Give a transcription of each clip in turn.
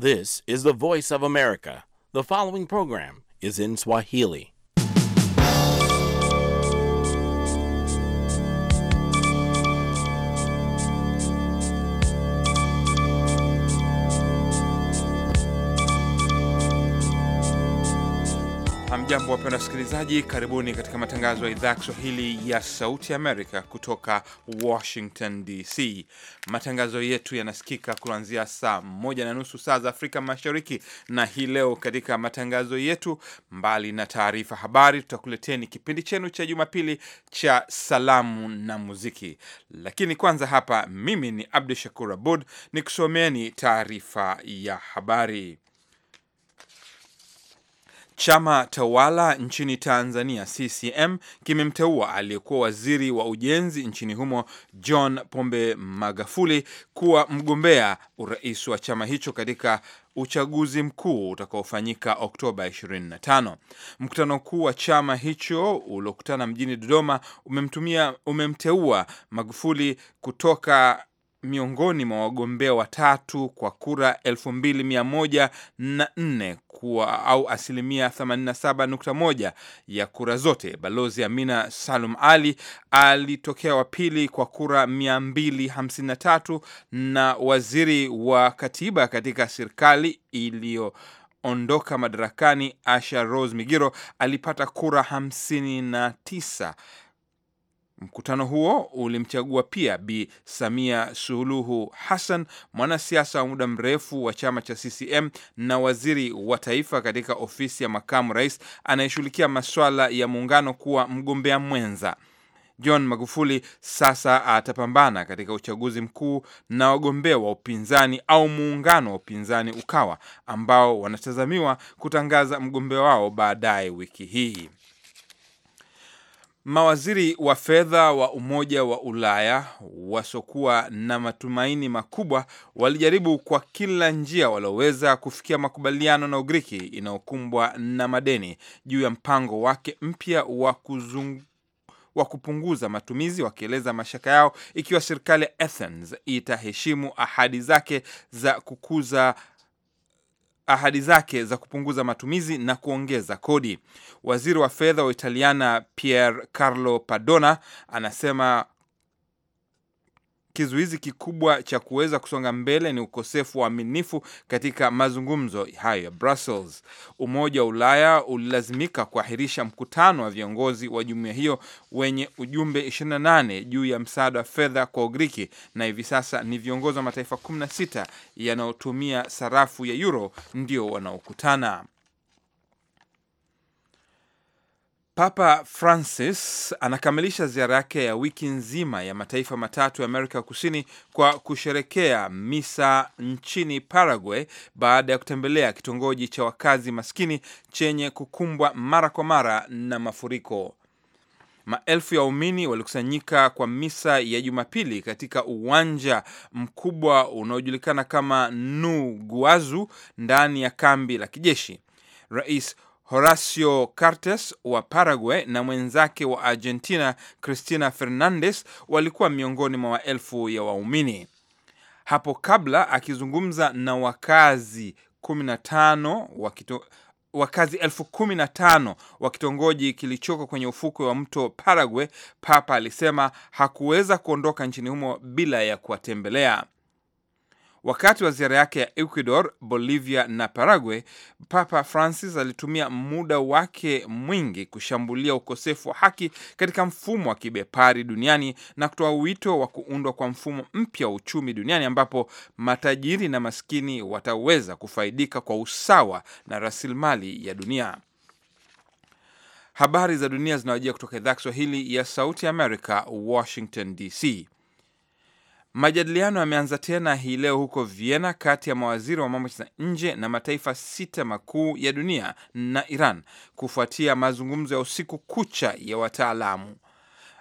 This is the voice of America. The following program is in Swahili. Hamjambo, wapenda wasikilizaji, karibuni katika matangazo ya idhaa ya Kiswahili ya Sauti Amerika kutoka Washington DC. Matangazo yetu yanasikika kuanzia saa moja na nusu saa za Afrika Mashariki, na hii leo katika matangazo yetu, mbali na taarifa habari, tutakuleteni kipindi chenu cha Jumapili cha salamu na muziki. Lakini kwanza hapa, mimi ni Abdu Shakur Abud ni kusomeeni taarifa ya habari. Chama tawala nchini Tanzania CCM kimemteua aliyekuwa waziri wa ujenzi nchini humo John Pombe Magufuli kuwa mgombea urais wa chama hicho katika uchaguzi mkuu utakaofanyika Oktoba 25. Mkutano mkuu wa chama hicho uliokutana mjini Dodoma umemtumia umemteua Magufuli kutoka miongoni mwa wagombea watatu kwa kura 2104 kuwa au asilimia 87.1 ya kura zote. Balozi Amina Salum Ali alitokea wa pili kwa kura 253, na waziri wa katiba katika serikali iliyo ondoka madarakani Asha Rose Migiro alipata kura 59. Mkutano huo ulimchagua pia Bi Samia Suluhu Hassan, mwanasiasa wa muda mrefu wa chama cha CCM na waziri wa taifa katika ofisi ya makamu rais anayeshughulikia masuala ya muungano, kuwa mgombea mwenza. John Magufuli sasa atapambana katika uchaguzi mkuu na wagombea wa upinzani au muungano wa upinzani UKAWA, ambao wanatazamiwa kutangaza mgombea wao baadaye wiki hii. Mawaziri wa fedha wa Umoja wa Ulaya wasiokuwa na matumaini makubwa walijaribu kwa kila njia walioweza kufikia makubaliano na Ugiriki inayokumbwa na madeni juu ya mpango wake mpya wa kuzung wa kupunguza matumizi wakieleza mashaka yao ikiwa serikali ya Athens itaheshimu ahadi zake za kukuza ahadi zake za kupunguza matumizi na kuongeza kodi. Waziri wa fedha wa Italiana Pier Carlo Padona anasema kizuizi kikubwa cha kuweza kusonga mbele ni ukosefu wa uaminifu katika mazungumzo hayo ya Brussels. Umoja wa Ulaya ulilazimika kuahirisha mkutano wa viongozi wa jumuiya hiyo wenye ujumbe 28 juu ya msaada wa fedha kwa Ugiriki, na hivi sasa ni viongozi wa mataifa 16 yanayotumia sarafu ya euro ndio wanaokutana. Papa Francis anakamilisha ziara yake ya wiki nzima ya mataifa matatu ya Amerika Kusini kwa kusherekea misa nchini Paraguay baada ya kutembelea kitongoji cha wakazi maskini chenye kukumbwa mara kwa mara na mafuriko. Maelfu ya waumini walikusanyika kwa misa ya Jumapili katika uwanja mkubwa unaojulikana kama Nu Guazu ndani ya kambi la kijeshi. Rais Horacio Cartes wa Paraguay na mwenzake wa Argentina Cristina Fernandez walikuwa miongoni mwa maelfu ya waumini hapo kabla. Akizungumza na wakazi 15 wa wakazi elfu kumi na tano wa kitongoji kilichoko kwenye ufukwe wa mto Paraguay, Papa alisema hakuweza kuondoka nchini humo bila ya kuwatembelea. Wakati wa ziara yake ya Ecuador, Bolivia na Paraguay, Papa Francis alitumia muda wake mwingi kushambulia ukosefu wa haki katika mfumo wa kibepari duniani na kutoa wito wa kuundwa kwa mfumo mpya wa uchumi duniani ambapo matajiri na maskini wataweza kufaidika kwa usawa na rasilimali ya dunia. Habari za dunia zinawajia kutoka idhaa Kiswahili ya Sauti ya Amerika, Washington DC. Majadiliano yameanza tena hii leo huko Vienna kati ya mawaziri wa mambo ya nje na mataifa sita makuu ya dunia na Iran kufuatia mazungumzo ya usiku kucha ya wataalamu.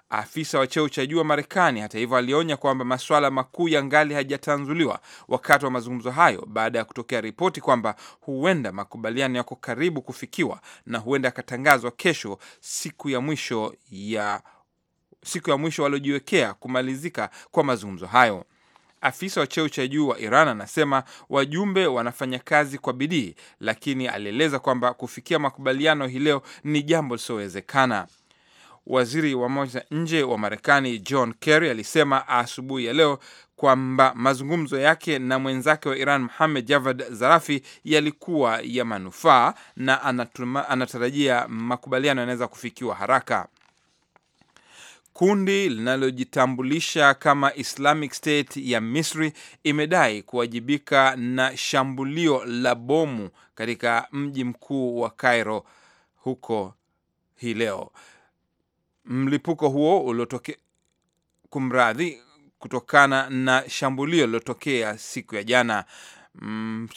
Afisa wa cheo cha juu wa Marekani hata hivyo alionya kwamba masuala makuu ya ngali hajatanzuliwa wakati wa mazungumzo hayo, baada ya kutokea ripoti kwamba huenda makubaliano yako karibu kufikiwa na huenda yakatangazwa kesho, siku ya mwisho ya siku ya mwisho waliojiwekea kumalizika kwa mazungumzo hayo. Afisa wa cheo cha juu wa Iran anasema wajumbe wanafanya kazi kwa bidii, lakini alieleza kwamba kufikia makubaliano hii leo ni jambo lisiowezekana. Waziri wa mambo ya nje wa Marekani John Kerry alisema asubuhi ya leo kwamba mazungumzo yake na mwenzake wa Iran Mohamed Javad Zarafi yalikuwa ya manufaa na anatarajia makubaliano yanaweza kufikiwa haraka. Kundi linalojitambulisha kama Islamic State ya Misri imedai kuwajibika na shambulio la bomu katika mji mkuu wa Cairo huko hii leo. Mlipuko huo uliotoke kumradhi, kutokana na shambulio lililotokea siku ya jana. Mm,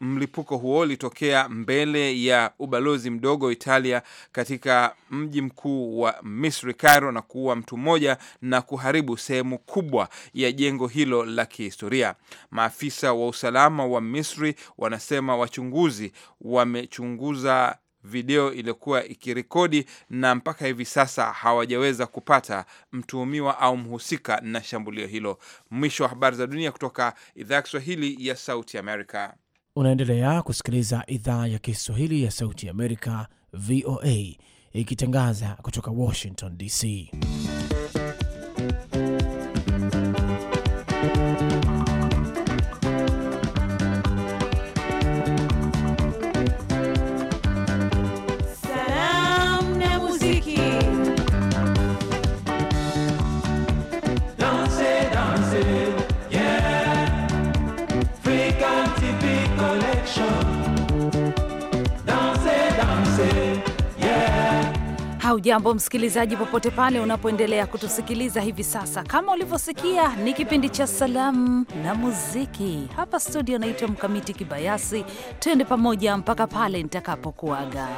mlipuko huo ulitokea mbele ya ubalozi mdogo wa Italia katika mji mkuu wa Misri, Cairo, na kuua mtu mmoja na kuharibu sehemu kubwa ya jengo hilo la kihistoria. Maafisa wa usalama wa Misri wanasema wachunguzi wamechunguza video iliyokuwa ikirekodi, na mpaka hivi sasa hawajaweza kupata mtuhumiwa au mhusika na shambulio hilo. Mwisho wa habari za dunia kutoka idhaa ya Kiswahili ya Sauti Amerika. Unaendelea kusikiliza idhaa ya Kiswahili ya Sauti Amerika, VOA, ikitangaza kutoka Washington DC. Hujambo msikilizaji, popote pale unapoendelea kutusikiliza hivi sasa. Kama ulivyosikia, ni kipindi cha salamu na muziki hapa studio. Naitwa Mkamiti Kibayasi, twende pamoja mpaka pale nitakapokuaga.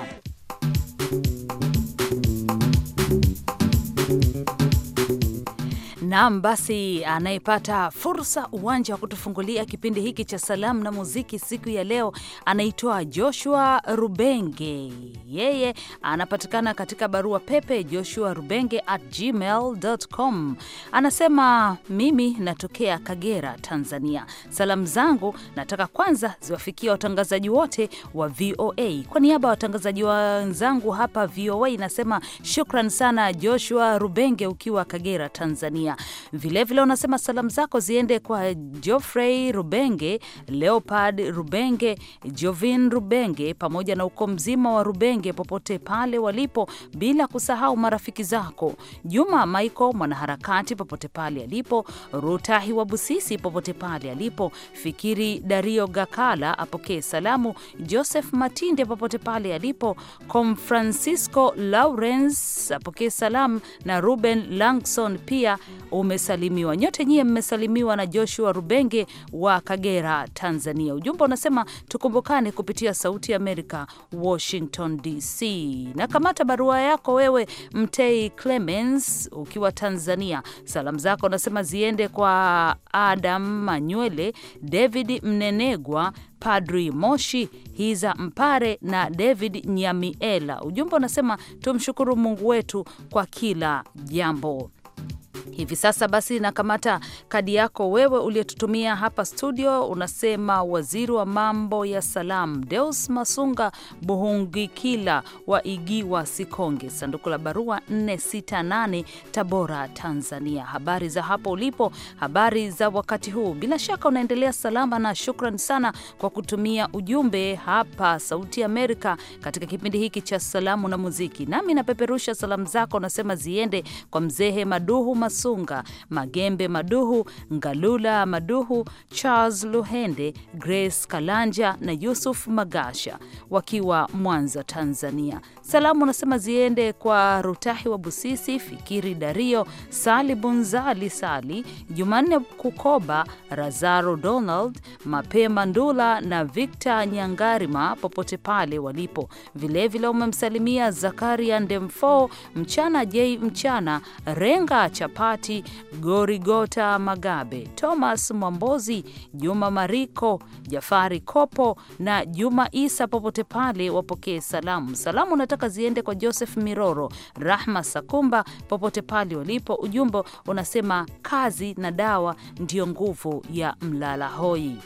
Naam, basi anayepata fursa uwanja wa kutufungulia kipindi hiki cha salamu na muziki siku ya leo anaitwa Joshua Rubenge. Yeye anapatikana katika barua pepe Joshua Rubenge at gmail.com. Anasema mimi natokea Kagera, Tanzania. Salamu zangu nataka kwanza ziwafikia watangazaji wote wa VOA. Kwa niaba ya watangazaji wenzangu hapa VOA nasema shukran sana Joshua Rubenge ukiwa Kagera, Tanzania. Vilevile vile salamu zako ziende kwa Geoffrey Rubenge, Leopard Rubenge, Jovin Rubenge pamoja na ukoo mzima wa Rubenge popote pale walipo, bila kusahau marafiki zako Juma Michael mwanaharakati popote pale alipo, Rutahi wa Busisi popote pale alipo, Fikiri Dario Gakala apokee salamu, Joseph Matinde popote pale alipo, Com Francisco Lawrence apokee salamu na Ruben Langson pia umesalimiwa. Nyote nyie mmesalimiwa na Joshua Rubenge wa Kagera, Tanzania. Ujumbe unasema tukumbukane kupitia Sauti ya Amerika, Washington DC. Na kamata barua yako wewe, Mtei Clemens, ukiwa Tanzania. Salamu zako unasema ziende kwa Adam Manywele, David Mnenegwa, Padri Moshi Hiza Mpare na David Nyamiela. Ujumbe unasema tumshukuru Mungu wetu kwa kila jambo hivi sasa. Basi nakamata kadi yako wewe uliyetutumia hapa studio, unasema waziri wa mambo ya salam Deus Masunga Buhungikila wa Igiwa Sikonge, sanduku la barua 468 Tabora, Tanzania. Habari za hapo ulipo, habari za wakati huu, bila shaka unaendelea salama, na shukran sana kwa kutumia ujumbe hapa Sauti Amerika katika kipindi hiki cha salamu na muziki. Nami napeperusha salamu zako, nasema ziende kwa Mzehe Maduhu Masunga Masunga, Magembe Maduhu, Ngalula Maduhu, Charles Luhende, Grace Kalanja na Yusuf Magasha wakiwa Mwanza, Tanzania. Salamu nasema ziende kwa Rutahi wa Busisi, Fikiri Dario, Sali Bunzali, Sali Jumanne Kukoba, Razaro Donald, Mapema Ndula na Victor Nyangarima popote pale walipo. Vilevile umemsalimia Zakaria Ndemfo, Mchana J, Mchana Renga Chapa Bahati, Gorigota Magabe, Thomas Mwambozi, Juma Mariko, Jafari Kopo na Juma Isa. Popote pale wapokee salamu. Salamu nataka ziende kwa Joseph Miroro, Rahma Sakumba, popote pale walipo. Ujumbe unasema kazi na dawa ndiyo nguvu ya mlala hoi.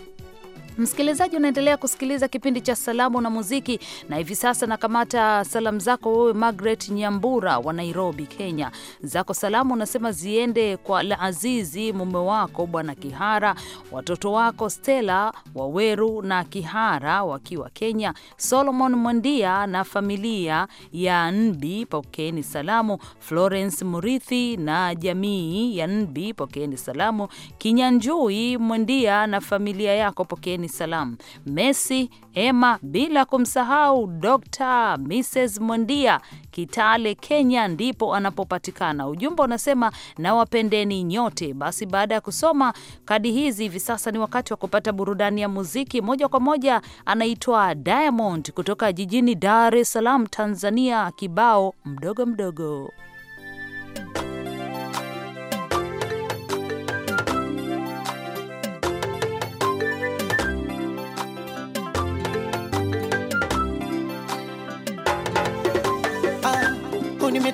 Msikilizaji, unaendelea kusikiliza kipindi cha salamu na muziki, na hivi sasa nakamata salamu zako wewe Margaret Nyambura wa Nairobi, Kenya. Zako salamu unasema ziende kwa Azizi, mume wako Bwana Kihara, watoto wako Stella Waweru na Kihara wakiwa Kenya, Solomon Mwandia na familia ya Nbi, pokeeni salamu. Florence Murithi na jamii ya Nbi, pokeeni salamu. Kinyanjui Mwandia na familia yako, pokeeni Dareni Salaam, Messi Emma, bila kumsahau Dr. Mrs Mondia Kitale, Kenya ndipo anapopatikana. Ujumbe unasema nawapendeni nyote. Basi baada ya kusoma kadi hizi, hivi sasa ni wakati wa kupata burudani ya muziki moja kwa moja. Anaitwa Diamond kutoka jijini Dar es Salaam, Tanzania, kibao mdogo mdogo.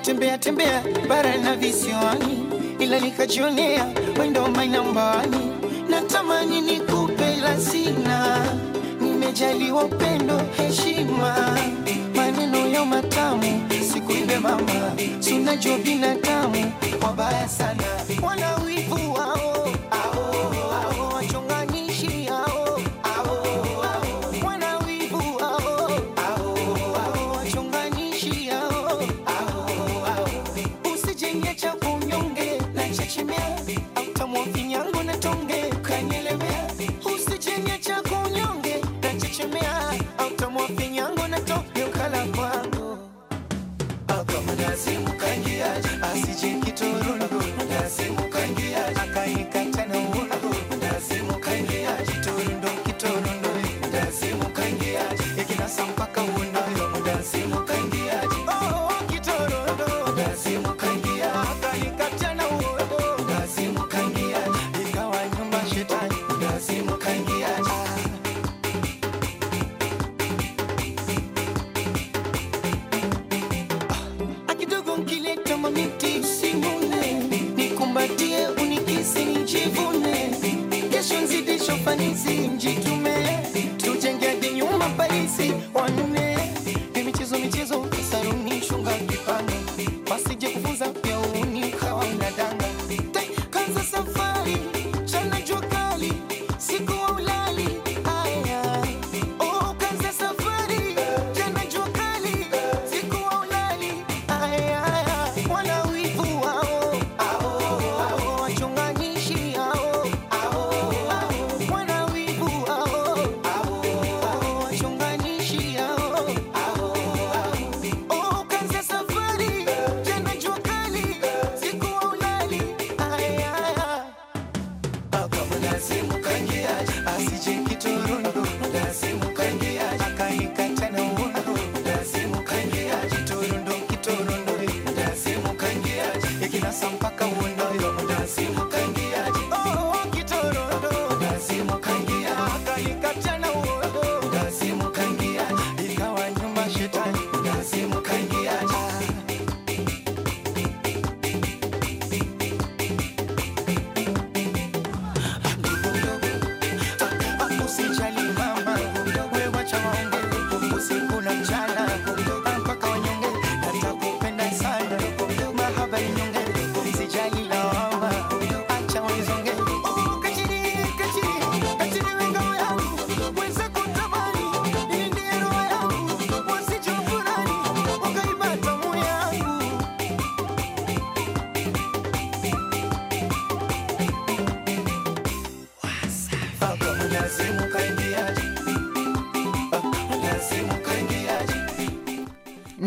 nimetembea tembea bara na visiwani, ila nikajionea wendo mainambani, natamani nikupe la sina, nimejaliwa upendo, heshima, maneno ya matamu siku ile mama, sunajua binadamu wabaya sana wanawivua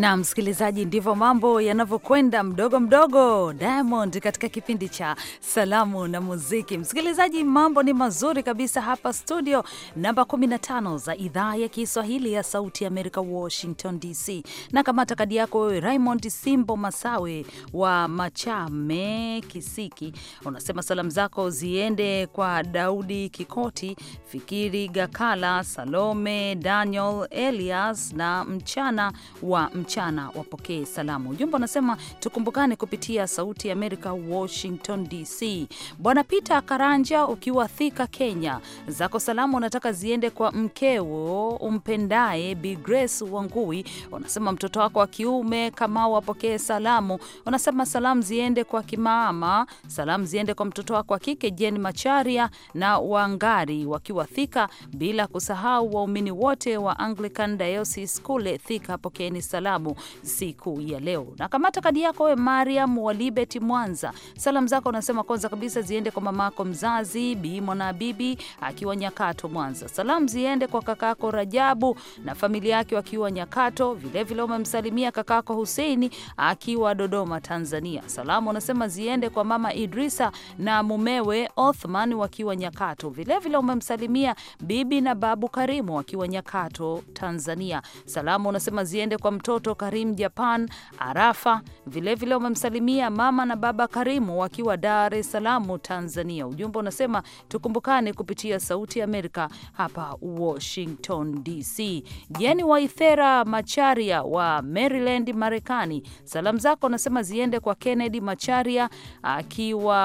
na msikilizaji, ndivyo mambo yanavyokwenda mdogo mdogo. Diamond katika kipindi cha salamu na muziki. Msikilizaji, mambo ni mazuri kabisa hapa studio namba 15 za idhaa ya Kiswahili ya Sauti ya Amerika, Washington DC. Na kamata kadi yako wewe, Raymond Simbo Masawe wa Machame Kisiki, unasema salamu zako ziende kwa Daudi Kikoti, Fikiri Gakala, Salome Daniel, Elias na mchana wa mchana mchana wapokee salamu. Ujumbe unasema tukumbukane kupitia Sauti ya Amerika, Washington DC. Bwana Peter Karanja ukiwa Thika, Kenya, zako salamu unataka ziende kwa mkeo umpendaye Bi Grace Wangui. Unasema mtoto wako wa kiume Kamau apokee salamu. Unasema salamu ziende kwa kimama, salamu ziende kwa mtoto wako wa kike Jeni Macharia na Wangari wakiwa Thika, bila kusahau waumini wote wa Anglican Diocese kule Thika, pokeeni salamu. Kiislamu siku ya leo. Na kamata kadi yako we Mariam Walibeti Mwanza, salamu zako unasema kwanza kabisa ziende kwa mamako mzazi Bi Mwana Bibi akiwa Nyakato Mwanza. Salamu ziende kwa kakako Rajabu na familia yake wakiwa Nyakato. Vilevile umemsalimia kakako Huseini akiwa Dodoma, Tanzania. Salamu unasema ziende kwa mama Idrisa na mumewe Othman wakiwa Nyakato. Vilevile umemsalimia bibi na babu Karimu wakiwa Nyakato, Tanzania. Salamu unasema ziende kwa mtoto kutoka Rim, Japan, Arafa. Vilevile wamemsalimia mama na baba Karimu wakiwa Dar es Salaam, Tanzania. Ujumbe unasema tukumbukane kupitia Sauti ya Amerika hapa Washington DC. Jeni Waithera Macharia wa Maryland, Marekani, salamu zako unasema ziende kwa Kennedy Macharia akiwa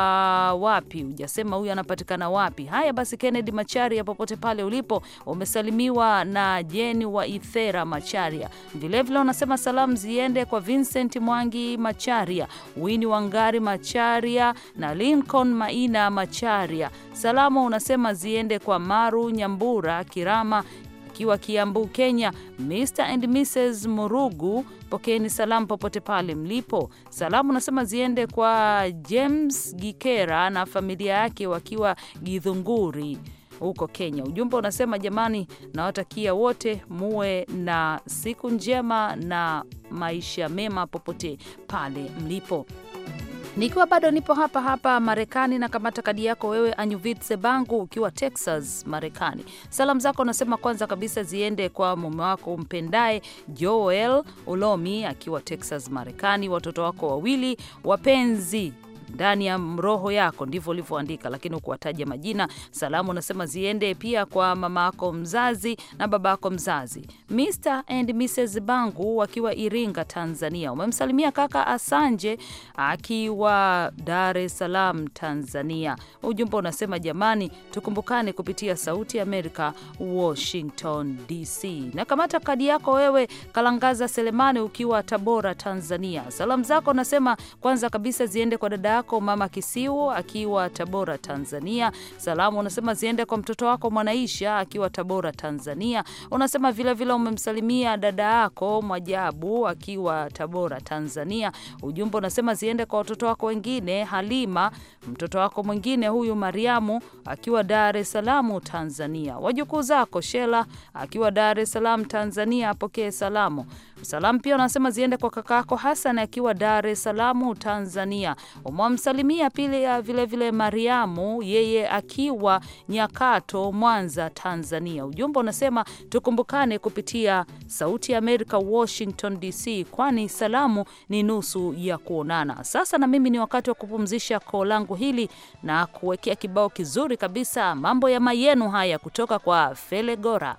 wapi? Hujasema huyu anapatikana wapi? Haya basi, Kennedy Macharia, popote pale ulipo, umesalimiwa na Jeni Waithera Macharia. Vilevile unasema salamu ziende kwa Vincent Mwangi Macharia, Wini Wangari Macharia na Lincoln Maina Macharia. Salamu unasema ziende kwa Maru Nyambura Kirama akiwa Kiambu, Kenya, Mr and Mrs Murugu, pokeeni salamu popote pale mlipo. Salamu nasema ziende kwa James Gikera na familia yake wakiwa gidhunguri huko Kenya. Ujumbe unasema jamani, nawatakia wote muwe na siku njema na maisha mema popote pale mlipo. Nikiwa bado nipo hapa hapa Marekani na kamata kadi yako wewe, Anyuvitse Bangu, ukiwa Texas, Marekani. Salamu zako unasema kwanza kabisa ziende kwa mume wako mpendaye Joel Ulomi akiwa Texas, Marekani, watoto wako wawili wapenzi ndani ya roho yako, ndivyo ulivyoandika, lakini ukuwataja majina. Salamu unasema ziende pia kwa mamako mzazi na babako mzazi, Mr and Mrs Bangu wakiwa Iringa, Tanzania. Umemsalimia kaka Asanje akiwa Dar es Salaam, Tanzania. Ujumbe unasema jamani, tukumbukane kupitia Sauti ya Amerika, Washington DC. Na kamata kadi yako wewe, Kalangaza Selemani ukiwa Tabora, Tanzania. Salamu zako unasema kwanza kabisa ziende kwa dada yako Mama Kisiu akiwa Tabora, Tanzania. Salamu unasema ziende kwa mtoto wako Mwanaisha akiwa Tabora, Tanzania. Unasema vilevile vile umemsalimia dada yako Mwajabu akiwa Tabora, Tanzania. Ujumbe unasema ziende kwa watoto wako wengine, Halima, mtoto wako mwingine huyu Mariamu akiwa Dar es Salaam, Tanzania. Wajukuu zako Shela akiwa Dar es Salaam, Tanzania apokee salamu. Salamu pia unasema ziende kwa kakako Hasan akiwa Dar es Salaam, Tanzania. pili ya vilevile Mariamu, yeye akiwa Nyakato, Mwanza, Tanzania. Ujumbe unasema tukumbukane kupitia Sauti ya Amerika, Washington DC, kwani salamu ni nusu ya kuonana. Sasa na mimi ni wakati wa kupumzisha koo langu hili na kuwekea kibao kizuri kabisa, mambo ya mayenu haya kutoka kwa Felegora.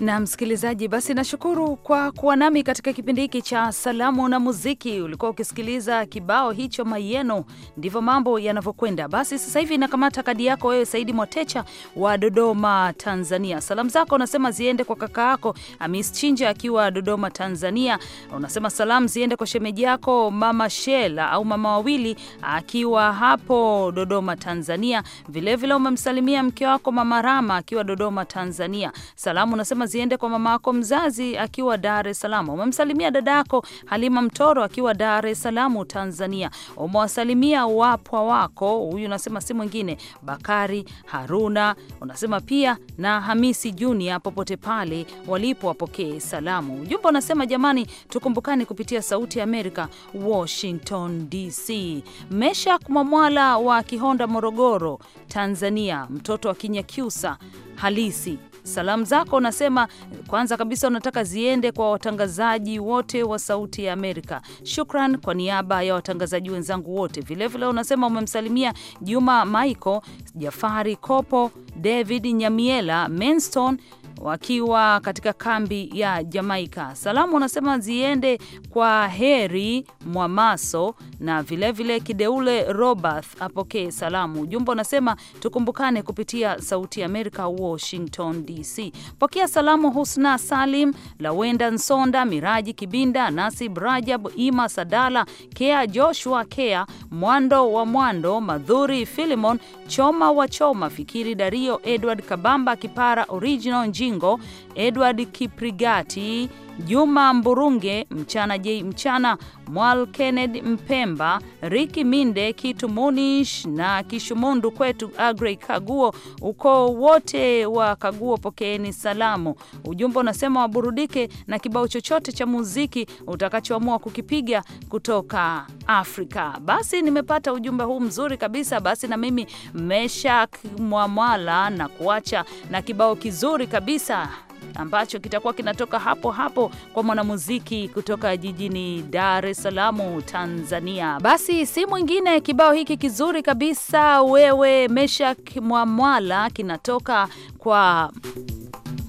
na msikilizaji, basi nashukuru kwa kuwa nami katika kipindi hiki cha salamu na muziki. Ulikuwa ukisikiliza kibao hicho Mayeno, ndivyo mambo yanavyokwenda. Basi sasa hivi nakamata kadi yako wewe, Saidi Mwatecha wa Dodoma, Tanzania. Salamu zako unasema ziende kwa kaka yako Amis Chinja akiwa Dodoma, Tanzania. Unasema salamu ziende kwa shemeji yako mama Shela au mama wawili akiwa hapo Dodoma, Tanzania. Vilevile umemsalimia mke wako mama Rama akiwa Dodoma, Tanzania. Salamu unasema ziende kwa mamako mzazi akiwa Dar es Salaam. Umemsalimia dadako Halima Mtoro akiwa Dar es Salaam, Tanzania. Umewasalimia wapwa wako, huyu unasema si mwingine Bakari Haruna, unasema pia na Hamisi Junior, popote pale walipo wapokee salamu. Ujumbe unasema jamani, tukumbukane kupitia Sauti ya Amerika, Washington DC. Meshak Mwamwala wa Kihonda, Morogoro, Tanzania, mtoto wa Kinyakyusa halisi salamu zako unasema kwanza kabisa unataka ziende kwa watangazaji wote wa Sauti ya Amerika. Shukran kwa niaba ya watangazaji wenzangu wote. Vilevile vile unasema umemsalimia Juma Michael, Jafari Kopo, David Nyamiela, Menston wakiwa katika kambi ya Jamaika. Salamu wanasema ziende kwa Heri Mwamaso na vilevile vile Kideule Robath apokee salamu. Ujumbe unasema tukumbukane kupitia Sauti ya Amerika, Washington DC. Pokea salamu Husna Salim, Lawenda Nsonda, Miraji Kibinda, Nasib Rajab, Ima Sadala, Kea Joshua, Kea Mwando wa Mwando, Madhuri Filimon, Choma wa Choma, Fikiri Dario, Edward Kabamba, Kipara Original, Baringo, Edward Kiprigati Juma Mburunge, Mchana J Mchana, Mwal Kennedy Mpemba, Riki Minde, Kitu Munish na Kishumundu kwetu Agrey Kaguo, ukoo wote wa Kaguo pokeeni salamu. Ujumbe unasema waburudike na kibao chochote cha muziki utakachoamua kukipiga kutoka Afrika. Basi nimepata ujumbe huu mzuri kabisa. Basi na mimi Meshak Mwamwala na kuacha na kibao kizuri kabisa ambacho kitakuwa kinatoka hapo hapo kwa mwanamuziki kutoka jijini Dar es Salaam, Tanzania. Basi si mwingine kibao hiki kizuri kabisa, wewe Meshak Mwamwala, kinatoka kwa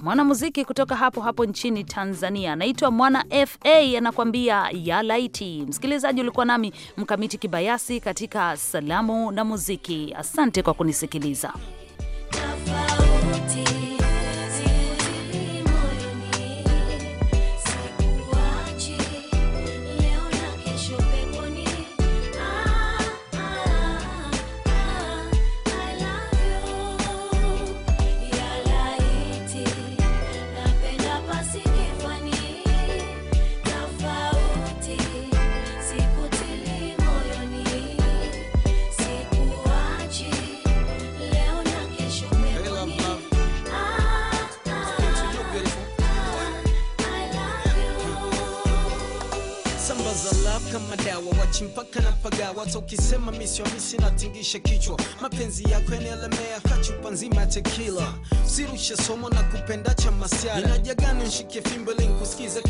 mwanamuziki kutoka hapo hapo nchini Tanzania, anaitwa Mwana FA, anakuambia ya laiti. Msikilizaji, ulikuwa nami Mkamiti Kibayasi katika salamu na muziki. Asante kwa kunisikiliza. never watu Wacha ukisema misi natingisha kichwa, mapenzi yako yanaelemea kachupa nzima ya tekila. Sirushe somo na kupenda cha masiara, inajagani nshike fimbo ili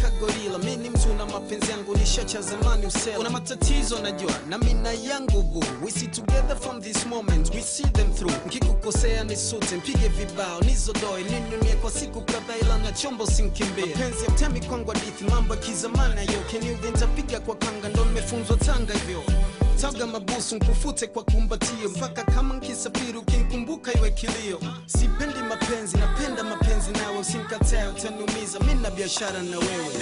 kagorila. Mi ni mtu na mapenzi yangu nisha cha zamani usela, una matatizo najua na mina yangu boo. We see together from this moment, we see them through. Nkikukosea sute mpige vibao nizodoe, ninyumie kwa siku kadhaa, ila na chombo sinkimbie. Mapenzi ya mtemi kwangu hadithi, mambo ya kizamani ayo, keniuge ntapiga kwa kanga, ndo nimefunzwa Tanga hivyo taga mabusu nkufute kwa kumbatio mpaka kama nkisafiri ukinkumbuka iwe kilio sipendi mapenzi napenda mapenzi nawe usinkatae utaniumiza mi na biashara na wewe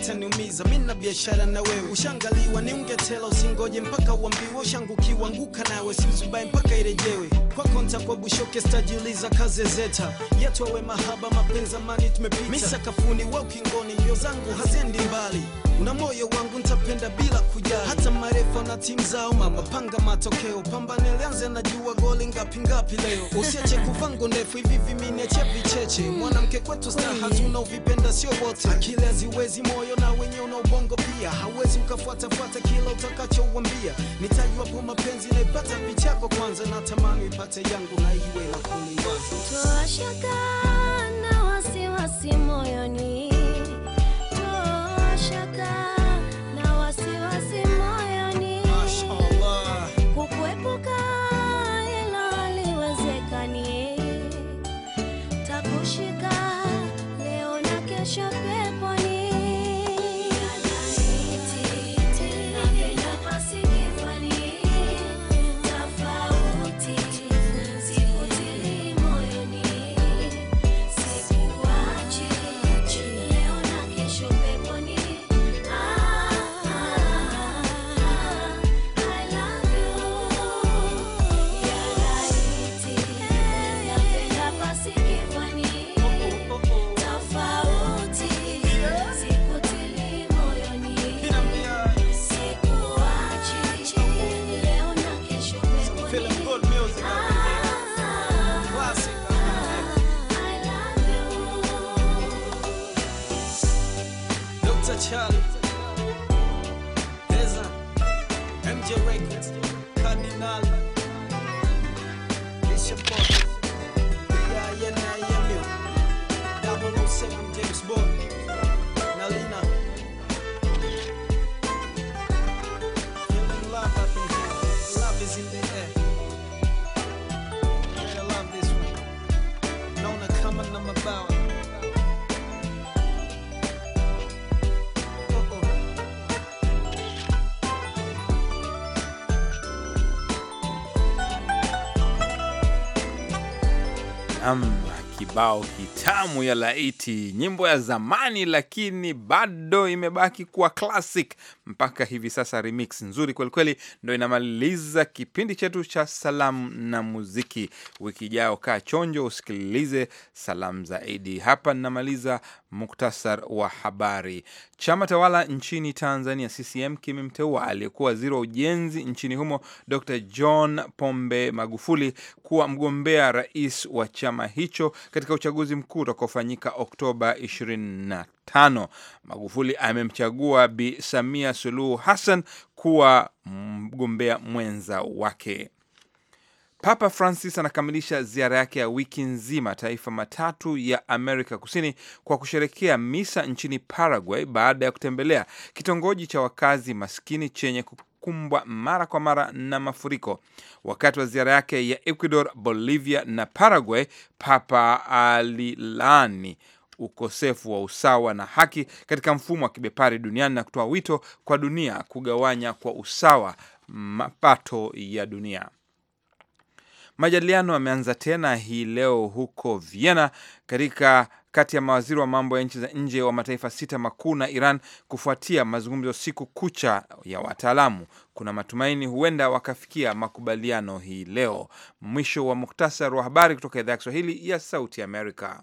utaniumiza, mi na biashara na wewe. Ushangaliwa ni ungetela, usingoje mpaka uambiwe. Ushangukiwa nguka nawe, siuzubai mpaka irejewe kwa kwa bushoke stajiuliza kazi zeta yetu awe mahaba mapenzi amani tumepita misakafuni wa ukingoni, mbio zangu haziendi mbali na moyo wangu nitapenda bila kuja hata marefa na timu zao mama, panga matokeo, pambane lianze, najua goli ngapi ngapi leo, usiache kuvangu ndefu hivi vimineche vicheche. Mwanamke kwetu star, hatuna uvipenda sio wote, akili haziwezi, moyo na wenye una ubongo pia, hawezi ukafuatafuata kila utakachouambia. po mapenzi naipata ipata yako kwanza, natamani ipate yangu na iwe la kuliwaza, toa na wasiwasi moyoni i am kibao kitamu ya laiti, nyimbo ya zamani lakini bado imebaki kuwa classic mpaka hivi sasa, remix nzuri kwelikweli. Ndo inamaliza kipindi chetu cha salamu na muziki. Wiki ijayo kaa chonjo, usikilize salamu zaidi. Hapa ninamaliza muktasar wa habari. Chama tawala nchini Tanzania CCM kimemteua aliyekuwa waziri wa ujenzi nchini humo Dr John Pombe Magufuli kuwa mgombea rais wa chama hicho katika uchaguzi mkuu utakaofanyika Oktoba 25. Magufuli amemchagua Bi Samia Suluhu Hassan kuwa mgombea mwenza wake. Papa Francis anakamilisha ziara yake ya wiki nzima taifa matatu ya Amerika Kusini kwa kusherekea misa nchini Paraguay baada ya kutembelea kitongoji cha wakazi maskini chenye yanakumbwa mara kwa mara na mafuriko. Wakati wa ziara yake ya Ecuador, Bolivia na Paraguay, Papa alilaani ukosefu wa usawa na haki katika mfumo wa kibepari duniani na kutoa wito kwa dunia kugawanya kwa usawa mapato ya dunia. Majadiliano yameanza tena hii leo huko Vienna katika kati ya mawaziri wa mambo ya nchi za nje wa mataifa sita makuu na Iran kufuatia mazungumzo siku kucha ya wataalamu. Kuna matumaini huenda wakafikia makubaliano hii leo. Mwisho wa muktasar wa habari kutoka idhaa ya Kiswahili ya Sauti Amerika.